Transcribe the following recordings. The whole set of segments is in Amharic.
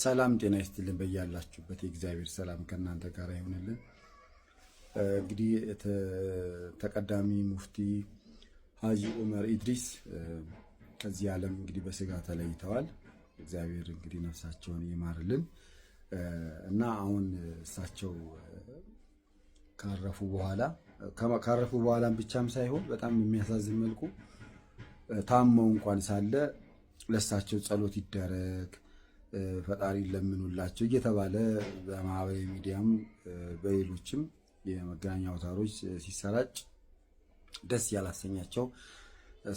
ሰላም ጤና ይስጥልን። በያላችሁበት የእግዚአብሔር ሰላም ከእናንተ ጋር ይሆንልን። እንግዲህ ተቀዳሚ ሙፍቲ ሀጂ ኡመር ኢድሪስ ከዚህ ዓለም እንግዲህ በስጋ ተለይተዋል። እግዚአብሔር እንግዲህ ነፍሳቸውን ይማርልን እና አሁን እሳቸው ካረፉ በኋላ ካረፉ በኋላም ብቻም ሳይሆን በጣም የሚያሳዝን መልኩ ታመው እንኳን ሳለ ለእሳቸው ጸሎት ይደረግ ፈጣሪ ለምኑላቸው እየተባለ በማህበራዊ ሚዲያም በሌሎችም የመገናኛ አውታሮች ሲሰራጭ ደስ ያላሰኛቸው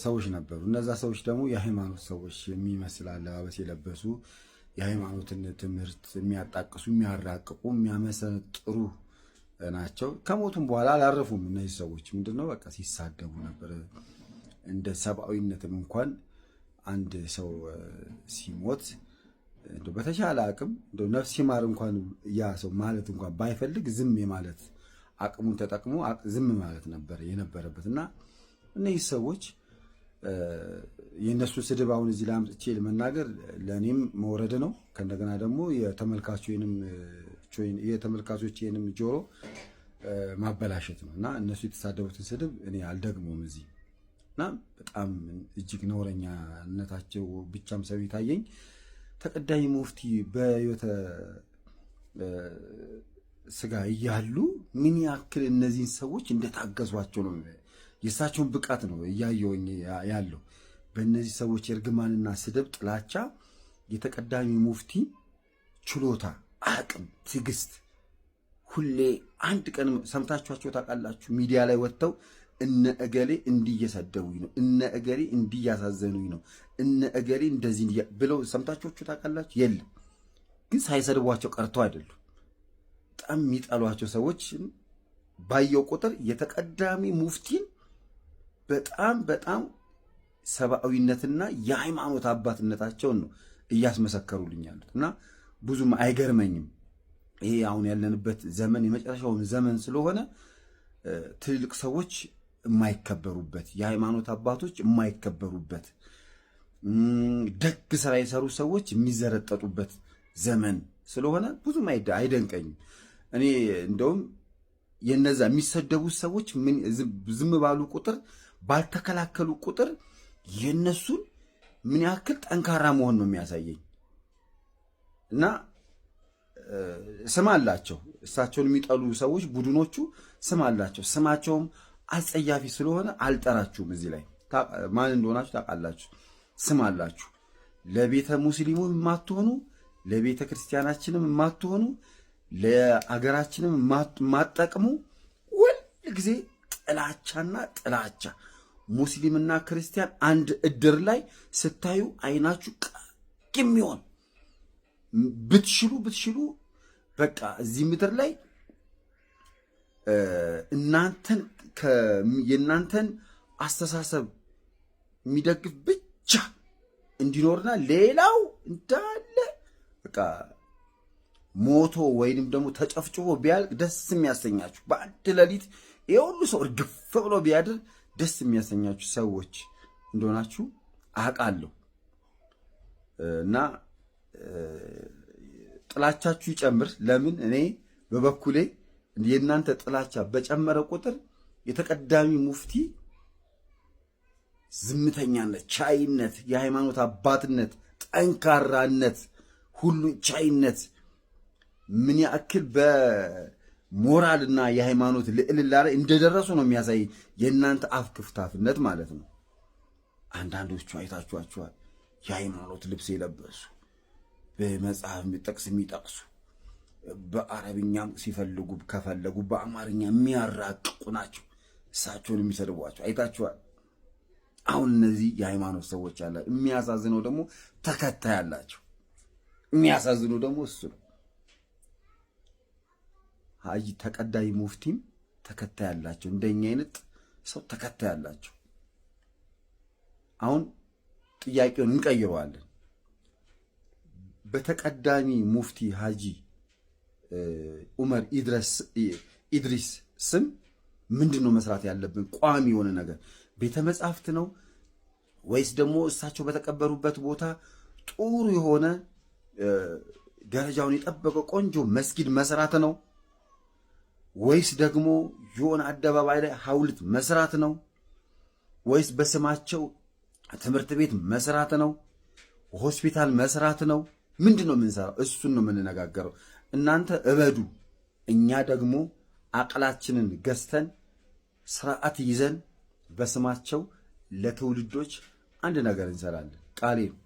ሰዎች ነበሩ። እነዛ ሰዎች ደግሞ የሃይማኖት ሰዎች የሚመስል አለባበስ የለበሱ የሃይማኖትን ትምህርት የሚያጣቅሱ፣ የሚያራቅቁ፣ የሚያመሰጥሩ ናቸው። ከሞቱም በኋላ አላረፉም። እነዚህ ሰዎች ምንድነው በቃ ሲሳደቡ ነበር። እንደ ሰብአዊነትም እንኳን አንድ ሰው ሲሞት በተሻለ አቅም ነፍስ ይማር እንኳን ያ ሰው ማለት እንኳን ባይፈልግ ዝም የማለት አቅሙን ተጠቅሞ ዝም ማለት ነበር የነበረበት እና እነዚህ ሰዎች የእነሱ ስድብ አሁን እዚህ ላይ ለመናገር ለእኔም መውረድ ነው። ከእንደገና ደግሞ የተመልካቾችንም ጆሮ ማበላሸት ነው እና እነሱ የተሳደቡትን ስድብ እኔ አልደግሞም እዚህ እና በጣም እጅግ ነውረኛነታቸው ብቻም ሰው ይታየኝ ተቀዳሚ ሙፍቲ በሕይወተ ስጋ እያሉ ምን ያክል እነዚህን ሰዎች እንደታገዟቸው ነው። የእሳቸውን ብቃት ነው እያየውኝ ያለው። በእነዚህ ሰዎች እርግማንና ስድብ፣ ጥላቻ የተቀዳሚ ሙፍቲ ችሎታ፣ አቅም፣ ትዕግስት ሁሌ አንድ ቀን ሰምታችኋቸው ታውቃላችሁ? ሚዲያ ላይ ወጥተው እነ እገሌ እንዲህ እየሰደቡኝ ነው፣ እነ እገሌ እንዲህ እያሳዘኑኝ ነው፣ እነ እገሌ እንደዚህ ብለው ሰምታችሁ ታውቃላችሁ? የለም። ግን ሳይሰድቧቸው ቀርቶ አይደሉም። በጣም የሚጠሏቸው ሰዎች ባየው ቁጥር የተቀዳሚ ሙፍቲን በጣም በጣም ሰብአዊነትና የሃይማኖት አባትነታቸውን ነው እያስመሰከሩልኝ ያሉት እና ብዙም አይገርመኝም። ይሄ አሁን ያለንበት ዘመን የመጨረሻውን ዘመን ስለሆነ ትልልቅ ሰዎች የማይከበሩበት የሃይማኖት አባቶች የማይከበሩበት ደግ ስራ የሰሩ ሰዎች የሚዘረጠጡበት ዘመን ስለሆነ ብዙም አይደንቀኝም። እኔ እንደውም የነዛ የሚሰደቡት ሰዎች ዝም ባሉ ቁጥር ባልተከላከሉ ቁጥር የነሱን ምን ያክል ጠንካራ መሆን ነው የሚያሳየኝ። እና ስም አላቸው እሳቸውን የሚጠሉ ሰዎች ቡድኖቹ ስም አላቸው። ስማቸውም አጸያፊ ስለሆነ አልጠራችሁም። እዚህ ላይ ማን እንደሆናችሁ ታውቃላችሁ፣ ስም አላችሁ። ለቤተ ሙስሊሙ የማትሆኑ ለቤተ ክርስቲያናችንም የማትሆኑ ለአገራችንም የማትጠቅሙ ሁል ጊዜ ጥላቻና ጥላቻ ሙስሊምና ክርስቲያን አንድ እድር ላይ ስታዩ አይናችሁ ቀቅ ይሆን ብትሽሉ ብትሽሉ በቃ እዚህ ምድር ላይ እናንተን የእናንተን አስተሳሰብ የሚደግፍ ብቻ እንዲኖርና ሌላው እንዳለ በቃ ሞቶ ወይንም ደግሞ ተጨፍጭፎ ቢያልቅ ደስ የሚያሰኛችሁ በአንድ ሌሊት የሁሉ ሰው እርግፍ ብሎ ቢያድር ደስ የሚያሰኛችሁ ሰዎች እንደሆናችሁ አውቃለሁ እና ጥላቻችሁ ይጨምር። ለምን እኔ በበኩሌ የእናንተ ጥላቻ በጨመረ ቁጥር የተቀዳሚ ሙፍቲ ዝምተኛነት፣ ቻይነት፣ የሃይማኖት አባትነት፣ ጠንካራነት፣ ሁሉን ቻይነት ምን ያክል በሞራልና የሃይማኖት ልዕልና ላይ እንደደረሱ ነው የሚያሳይ የእናንተ አፍ ክፍታፍነት ማለት ነው። አንዳንዶቹ አይታችኋቸዋል። የሃይማኖት ልብስ የለበሱ በመጽሐፍ ጥቅስ የሚጠቅሱ በአረብኛም ሲፈልጉ ከፈለጉ በአማርኛ የሚያራቅቁ ናቸው። እሳቸውን የሚሰድቧቸው አይታችኋል። አሁን እነዚህ የሃይማኖት ሰዎች አለ። የሚያሳዝነው ደግሞ ተከታይ አላቸው። የሚያሳዝነው ደግሞ እሱ ነው። ሀጂ ተቀዳይ ሙፍቲም ተከታይ አላቸው። እንደኛ አይነት ሰው ተከታይ አላቸው። አሁን ጥያቄውን እንቀይረዋለን። በተቀዳሚ ሙፍቲ ሀጂ ኡመር ኢድሪስ ስም ምንድን ነው መስራት ያለብን? ቋሚ የሆነ ነገር ቤተ መጻሕፍት ነው ወይስ ደግሞ እሳቸው በተቀበሩበት ቦታ ጥሩ የሆነ ደረጃውን የጠበቀ ቆንጆ መስጊድ መስራት ነው ወይስ ደግሞ የሆነ አደባባይ ላይ ሐውልት መስራት ነው ወይስ በስማቸው ትምህርት ቤት መስራት ነው ሆስፒታል መስራት ነው? ምንድን ነው የምንሰራው? እሱን ነው የምንነጋገረው። እናንተ እበዱ፣ እኛ ደግሞ አቅላችንን ገዝተን ስርዓት ይዘን በስማቸው ለትውልዶች አንድ ነገር እንሰራለን። ቃሌ ነው፣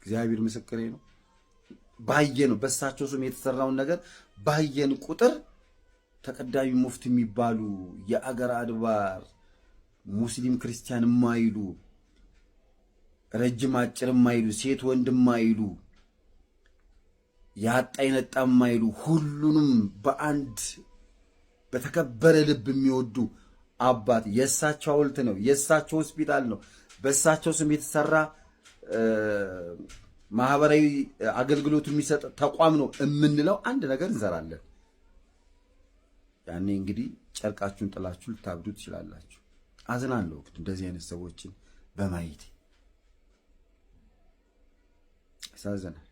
እግዚአብሔር ምስክሬ ነው። ባየ ነው በእሳቸው ስም የተሰራውን ነገር ባየን ቁጥር ተቀዳሚ ሙፍት የሚባሉ የአገር አድባር ሙስሊም ክርስቲያን የማይሉ ረጅም አጭር የማይሉ ሴት ወንድ የማይሉ ያጣ የነጣ የማይሉ ሁሉንም በአንድ በተከበረ ልብ የሚወዱ አባት የእሳቸው ሐውልት ነው፣ የእሳቸው ሆስፒታል ነው። በእሳቸው ስም የተሰራ ማህበራዊ አገልግሎት የሚሰጥ ተቋም ነው የምንለው አንድ ነገር እንዘራለን። ያኔ እንግዲህ ጨርቃችሁን ጥላችሁ ልታብዱ ትችላላችሁ። አዝናለሁ እንደዚህ አይነት ሰዎችን በማየት ያሳዝናል።